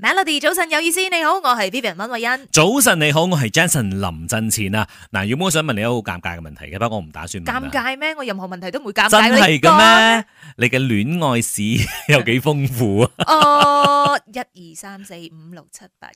Melody 早晨有意思，你好，我係 Vivian 溫慧欣。早晨你好，我係 Jason 林振前啊。嗱，有冇想問你一個好尷尬嘅問題嘅？不過我唔打算。尷尬咩？我任何問題都唔會尷尬。真係嘅咩？你嘅說戀愛史有幾豐富啊？哦，uh，一二三四五六七八。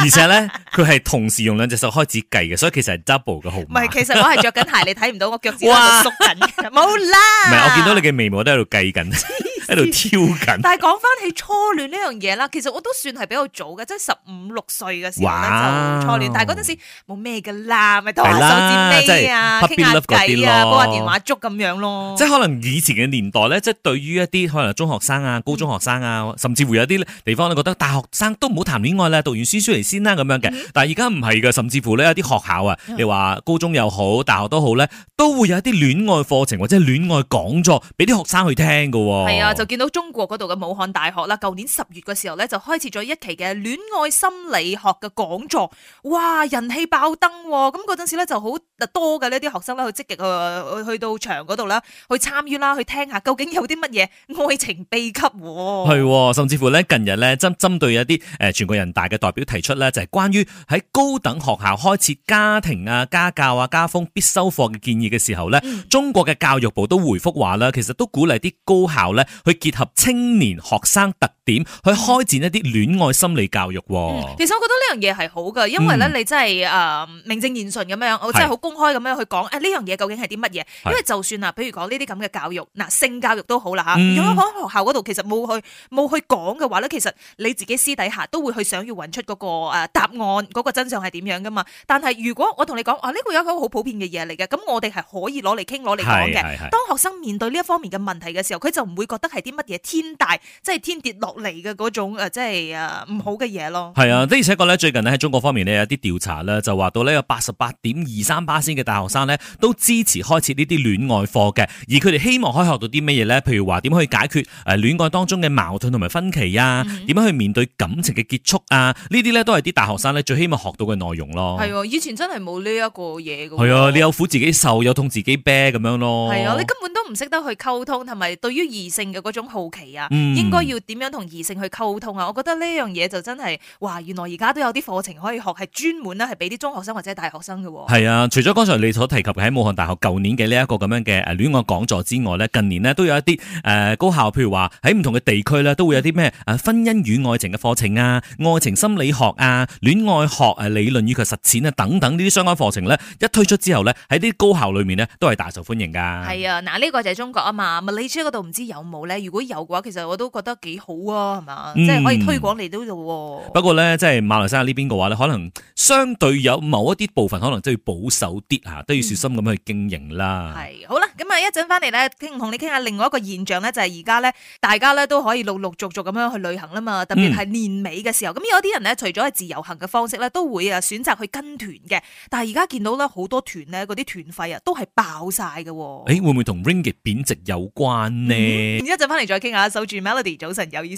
而且咧，佢係同時用兩隻手開始計嘅，所以其實係 double 嘅號碼。唔係，其實我係着緊鞋， 你睇唔到我腳趾喺度縮緊。冇哇 啦。唔係，我見到你嘅眉毛都喺度計緊。 喺度跳緊，挑 但係講翻起初戀呢樣嘢啦，其實我都算係比較早嘅，即係十五六歲嘅時候就初戀，哇哦、但係嗰陣時冇咩噶啦，咪開下手機咩啊，傾下計啊，煲下電話粥咁樣咯。即係可能以前嘅年代咧，即係對於一啲可能中學生啊、高中學生啊，嗯、甚至乎有啲地方你覺得大學生都唔好談戀愛啦，讀完書出嚟先啦、啊、咁樣嘅。嗯、但係而家唔係嘅，甚至乎呢，一啲學校啊，嗯、你話高中又好，大學都好咧，都會有一啲戀愛課程或者戀愛講座俾啲學生去聽噶、啊。係就見到中國嗰度嘅武漢大學啦，舊年十月嘅時候咧，就開始咗一期嘅戀愛心理學嘅講座，哇，人氣爆燈、哦，喎！咁嗰陣時咧就好。嗱多嘅咧，啲學生咧去積極去去去到場嗰度咧，去參與啦，去聽下究竟有啲乜嘢愛情秘笈喎。係，甚至乎咧近日咧針針對一啲誒全國人大嘅代表提出咧，就係關於喺高等學校開設家庭啊、家教啊、家風必修課嘅建議嘅時候咧，中國嘅教育部都回覆話啦，其實都鼓勵啲高校咧去結合青年學生特。點去開展一啲戀愛心理教育、哦嗯？其實我覺得呢樣嘢係好㗎，因為咧你真係誒、呃、名正言順咁樣，我、嗯、真係好公開咁樣去講誒呢樣嘢究竟係啲乜嘢？因為就算啊，譬如講呢啲咁嘅教育，嗱、啊、性教育都好啦吓、啊，如果喺學校嗰度其實冇去冇去講嘅話咧，其實你自己私底下都會去想要揾出嗰個誒答案，嗰、嗰個真相係點樣噶嘛？但係如果我同你講啊，呢、呢個有一個好普遍嘅嘢嚟嘅，咁我哋係可以攞嚟傾，攞嚟講嘅。當學生面對呢一方面嘅問題嘅時候，佢就唔會覺得係啲乜嘢天大，即、就、係、是、天跌落。嚟嘅嗰種誒，即係唔好嘅嘢咯。係啊，的而且確咧，最近呢喺中國方面呢，有啲調查咧，就話到呢有八十八點二三%，巴仙嘅大學生呢，都支持開設呢啲戀愛課嘅，而佢哋希望可以學到啲乜嘢呢？譬如話點去解決誒戀愛當中嘅矛盾同埋分歧啊？點樣、嗯、去面對感情嘅結束啊？呢啲呢，都係啲大學生呢最希望學到嘅內容咯。係、啊，以前真係冇呢一個嘢嘅。係啊，你有苦自己受，有痛自己啤咁樣咯。係啊，你根本都唔識得去溝通，同埋對於異性嘅嗰種好奇啊，嗯、應該要點樣同？異性去溝通啊！我覺得呢樣嘢就真係哇，原來而家都有啲課程可以學，係專門咧係俾啲中學生或者係大學生嘅喎。係啊，除咗剛才你所提及喺武漢大學舊年嘅呢一個咁樣嘅誒戀愛講座之外咧，近年呢都有一啲誒、呃、高校，譬如話喺唔同嘅地區呢，都會有啲咩誒婚姻與愛情嘅課程啊、愛情心理學啊、戀愛學誒理論與佢實踐啊等等呢啲相關課程呢，一推出之後呢，喺啲高校裏面呢，都係大受歡迎㗎。係啊，嗱、這、呢個就係中國啊嘛，咪你出嗰度唔知有冇呢？如果有嘅話，其實我都覺得幾好。係嘛、嗯，即係可以推廣嚟到。不過咧，即係馬來西亞呢邊嘅話咧，可能相對有某一啲部分，可能即係要保守啲吓，都要小心咁去經營啦。係、嗯、好啦，咁啊，一陣翻嚟咧，傾同你傾下另外一個現象咧，就係而家咧，大家咧都可以陸陸續續咁樣去旅行啦嘛。特別係年尾嘅時候，咁、嗯、有啲人咧，除咗係自由行嘅方式咧，都會啊選擇去跟團嘅。但係而家見到咧，好多團咧，嗰啲團費啊，都係爆晒嘅。誒，會唔會同 Ringgit 嘅貶值有關呢？一陣翻嚟再傾下，守住 Melody，早晨有意思。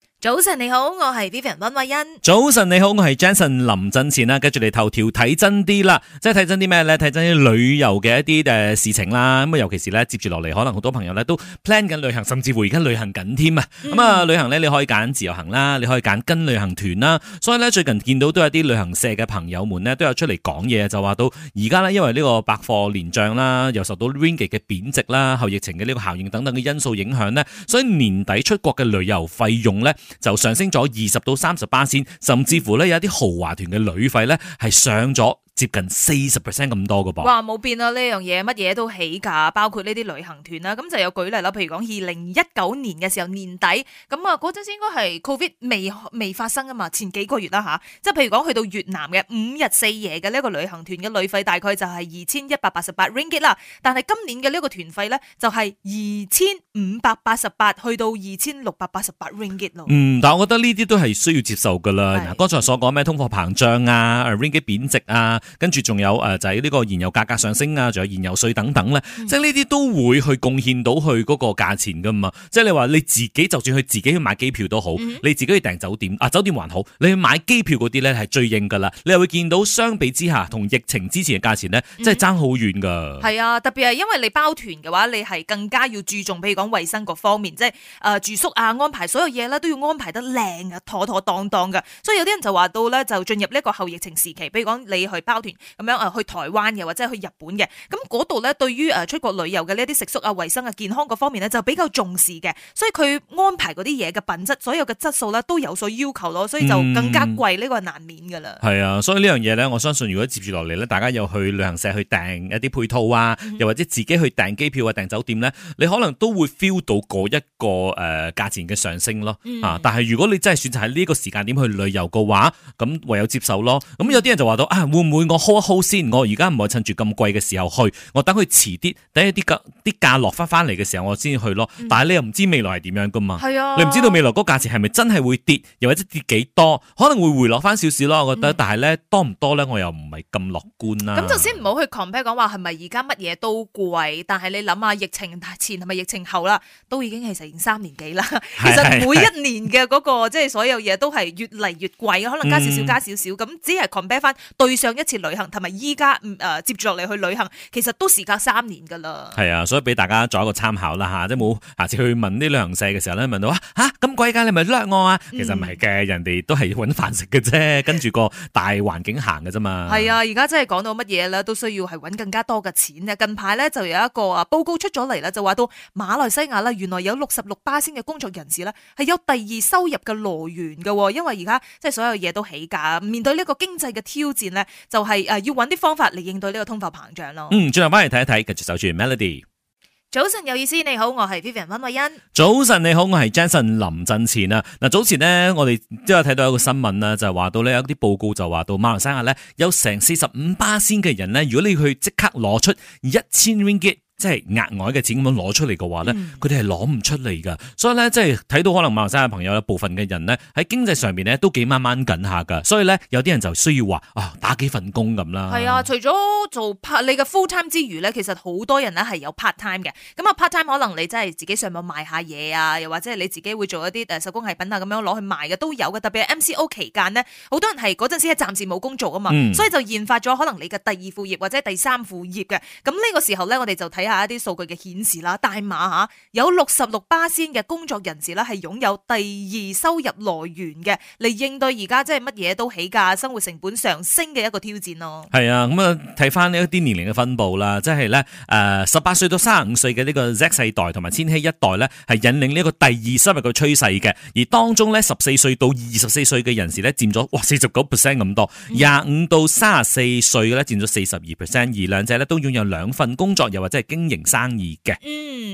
早晨你好，我係 Vivian 温慧欣。早晨你好，我係 Jason 林振前啦。跟住嚟頭條睇真啲啦，即係睇真啲咩咧？睇真啲旅遊嘅一啲嘅事情啦。咁啊，尤其是咧接住落嚟，可能好多朋友咧都 plan 緊旅行，甚至乎而家旅行緊添啊。咁啊、嗯，旅行咧你可以揀自由行啦，你可以揀跟旅行團啦。所以咧最近見到都有啲旅行社嘅朋友們咧都有出嚟講嘢，就話到而家呢，因為呢個百貨連漲啦，又受到 Ringgit 嘅貶值啦，後疫情嘅呢個效應等等嘅因素影響呢，所以年底出國嘅旅遊費用咧。就上升咗二十到三十巴仙，甚至乎咧有啲豪華團嘅旅費咧係上咗，接近四十 percent 咁多噶噃，哇冇變啊！呢樣嘢乜嘢都起價，包括呢啲旅行團啦。咁就有舉例啦，譬如講二零一九年嘅時候年底，咁啊嗰陣時應該係 Covid 未未發生啊嘛，前幾個月啦吓，即、啊、係譬如講去到越南嘅五日四夜嘅呢個旅行團嘅旅費大概就係二千一百八十八 ringgit 啦，但係今年嘅呢個團費咧就係二千五百八十八去到二千六百八十八 ringgit 咯。嗯，但係我覺得呢啲都係需要接受噶啦。剛是才所講咩通貨膨脹啊，ringgit 貶值啊。跟住仲有誒，就係呢個燃油價格上升啊，仲有燃油稅等等咧，即係呢啲都會去貢獻到去嗰個價錢噶嘛。即係你話你自己就算去自己去買機票都好，你自己去訂酒店啊，酒店還好，你去買機票嗰啲咧係最硬噶啦。你又會見到相比之下，同疫情之前嘅價錢咧，即係爭好遠噶。係啊，特別係因為你包團嘅話，你係更加要注重，譬如講衛生各方面，即係誒住宿啊，安排所有嘢咧都要安排得靚啊，妥妥當當噶。所以有啲人就話到咧，就進入呢個後疫情時期，譬如講你去包。咁樣啊，去台灣嘅或者去日本嘅，咁嗰度咧，對於誒出國旅遊嘅呢啲食宿啊、衛生啊、健康嗰方面咧，就比較重視嘅，所以佢安排嗰啲嘢嘅品質，所有嘅質素咧都有所要求咯，所以就更加貴呢、嗯、個難免噶啦。係啊，所以這件事呢樣嘢咧，我相信如果接住落嚟咧，大家又去旅行社去訂一啲配套啊，嗯、又或者自己去訂機票啊、訂酒店咧，你可能都會 feel 到嗰一個誒價、呃、錢嘅上升咯。啊，但係如果你真係選擇喺呢個時間點去旅遊嘅話，咁唯有接受咯。咁有啲人就話到啊，會唔會？我 hold 一 hold 先，我而家唔係趁住咁貴嘅時候去，我等佢遲啲，等一啲價啲價落翻翻嚟嘅時候，我先去咯。但係你又唔知未來係點樣噶嘛？係啊，你唔知道未來嗰個、嗯、價錢係咪真係會跌，又或者跌幾多，可能會回落翻少少咯。我覺得，但係咧多唔多咧，我又唔係咁樂觀啦。咁、嗯、就先唔好去 compare 講話係咪而家乜嘢都貴，但係你諗下疫情前同埋疫情後啦，都已經係成三年幾啦。的其實每一年嘅嗰、嗰個即係的所有嘢都係越嚟越貴，可能加少少、嗯、加少少，咁只係 compare 翻對上一。次旅行同埋依家接住落嚟去旅行，其實都時隔三年噶啦。係啊，所以俾大家作一個參考啦嚇，即冇下次去問啲旅行社嘅時候咧，問到啊咁鬼貴㗎，你咪甩我啊？嗯、其實唔係嘅，人哋都係搵飯食嘅啫，跟住個大環境行嘅啫嘛。係啊，而家真係講到乜嘢啦，都需要係搵更加多嘅錢咧。近排咧就有一個啊報告出咗嚟啦，就話到馬來西亞啦，原來有六十六巴仙嘅工作人士呢，係有第二收入嘅來源喎。因為而家即係所有嘢都起價，面對呢個經濟嘅挑戰咧就。係誒，要揾啲方法嚟應對呢個通貨膨脹咯。嗯，轉頭翻嚟睇一睇，繼續走住 Melody。早晨有意思，你好，我係 Vivian 溫慧欣。早晨你好，我係 Jason 林振前啊。嗱，早前呢，我哋都有睇到一個新聞啦，就係話到咧，有啲報告就話到馬來西亞咧，有成四十五巴仙嘅人咧，如果你去即刻攞出一千 Ringgit 即係額外嘅錢咁樣攞出嚟嘅話咧，佢哋係攞唔出嚟噶。所以咧，即係睇到可能馬鞍山嘅朋友一部分嘅人咧，喺經濟上面咧都幾掹掹緊下噶。所以咧，有啲人就需要話啊、哦，打幾份工咁啦。係啊，除咗做 part 你嘅 full time 之餘咧，其實好多人咧係有 part time 嘅。咁啊，part time 可能你真係自己上網賣下嘢啊，又或者係你自己會做一啲手工藝品啊咁樣攞去賣嘅都有嘅。特別係 MCO 期間呢，好多人係嗰陣時係暫時冇工做啊嘛，嗯、所以就研發咗可能你嘅第二副業或者第三副業嘅。咁呢個時候咧，我哋就睇啊！一啲數據嘅顯示啦，大碼嚇有六十六巴仙嘅工作人士咧，係擁有第二收入來源嘅，嚟應對而家即係乜嘢都起價、生活成本上升嘅一個挑戰咯。係啊，咁啊睇翻呢一啲年齡嘅分佈啦，即係咧誒十八歲到三十五歲嘅呢個 Z 世代同埋千禧一代咧，係引領呢一個第二收入嘅趨勢嘅。而當中咧十四歲到二十四歲嘅人士咧，佔咗哇四十九 percent 咁多，廿五到三十四歲嘅咧佔咗四十二 percent，而兩者咧都擁有兩份工作，又或者係經經營生意嘅。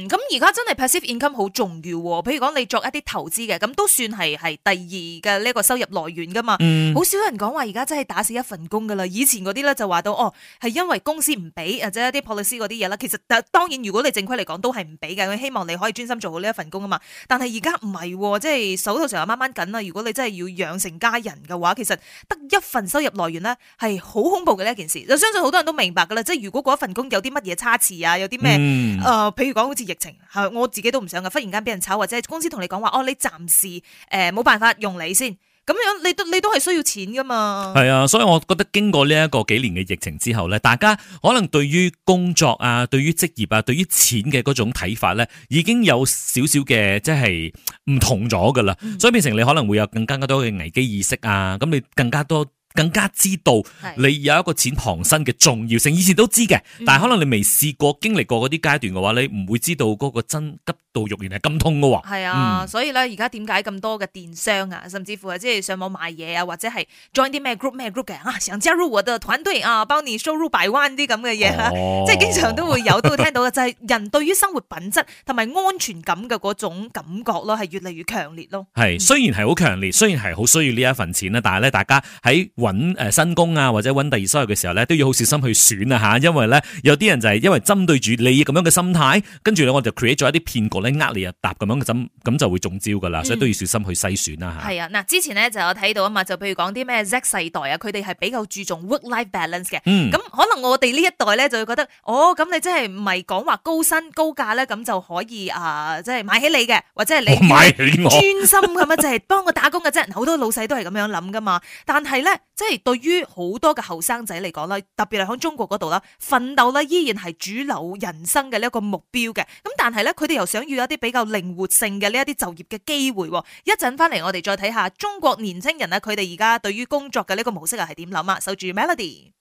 咁而家真係 passive income 好重要，譬如講你作一啲投資嘅，咁都算係係第二嘅呢個收入來源噶嘛。好、嗯、少人講話而家真係打死一份工噶啦。以前嗰啲咧就話到哦，係因為公司唔俾或者一啲 policy 嗰啲嘢啦。其實當然如果你正規嚟講都係唔俾嘅，希望你可以專心做好呢一份工啊嘛。但係而家唔係，即係手頭成日掹掹緊啦。如果你真係要養成家人嘅話，其實得一份收入來源咧係好恐怖嘅呢一件事。就相信好多人都明白㗎啦，即係如果嗰一份工有啲乜嘢差池啊，有啲咩、嗯呃、譬如講好似疫情係我自己都唔想噶，忽然間俾人炒，或者公司同你講話哦，你暫時誒冇、呃、辦法用你先，咁樣你都你都係需要錢噶嘛。係啊，所以我覺得經過呢一個幾年嘅疫情之後咧，大家可能對於工作啊、對於職業啊、對於錢嘅嗰種睇法咧，已經有少少嘅即係唔同咗噶啦，嗯、所以變成你可能會有更加多嘅危機意識啊，咁你更加多。更加知道你有一個錢傍身嘅重要性，是的 以前都知嘅，但係可能你未試過經歷過啲階段嘅話，你唔會知道嗰個真急。做肉原來咁痛嘅喎，係啊，所以咧而家點解咁多嘅電商啊，甚至乎啊，什麼什麼啊，即係上網買嘢啊，或者係 join 啲咩 group 咩 group 嘅啊，成支 group 喎，就團隊啊，幫你收入百萬啲咁嘅嘢，即係經常都會有，都會聽到嘅，就係人對於生活品質同埋安全感嘅嗰種感覺咯，係越嚟越強烈咯、嗯。係雖然係好強烈，雖然係好需要呢一份錢咧，但係咧大家喺揾新工啊，或者揾第二收入嘅時候咧，都要好小心去選啊嚇，因為咧有啲人就係因為針對住你咁樣嘅心態，跟住咧我哋 create 咗一啲騙局。呃你啊答咁樣咁咁就會中招噶啦，所以都要小心去篩選啦吓。嗯，係啊，嗱之前咧就有睇到啊嘛，就譬如講啲咩 Z 世代啊，佢哋係比較注重 work-life balance 嘅。嗯。咁可能我哋呢一代咧就會覺得，哦咁你真係唔係講話高薪高價咧，咁就可以啊，即係買起你嘅，或者係你買起我專心咁樣，就係幫我打工嘅啫。好多老細都係咁樣諗噶嘛。但係咧，即係對於好多嘅後生仔嚟講咧，特別係響中國嗰度啦，奮鬥咧依然係主流人生嘅呢一個目標嘅。咁但係咧，佢哋又想要。有一啲比較靈活性嘅呢一啲就業嘅機會，一陣翻嚟我哋再睇下中國年輕人啊，佢哋而家對於工作嘅呢個模式係點諗啊？守住 Melody。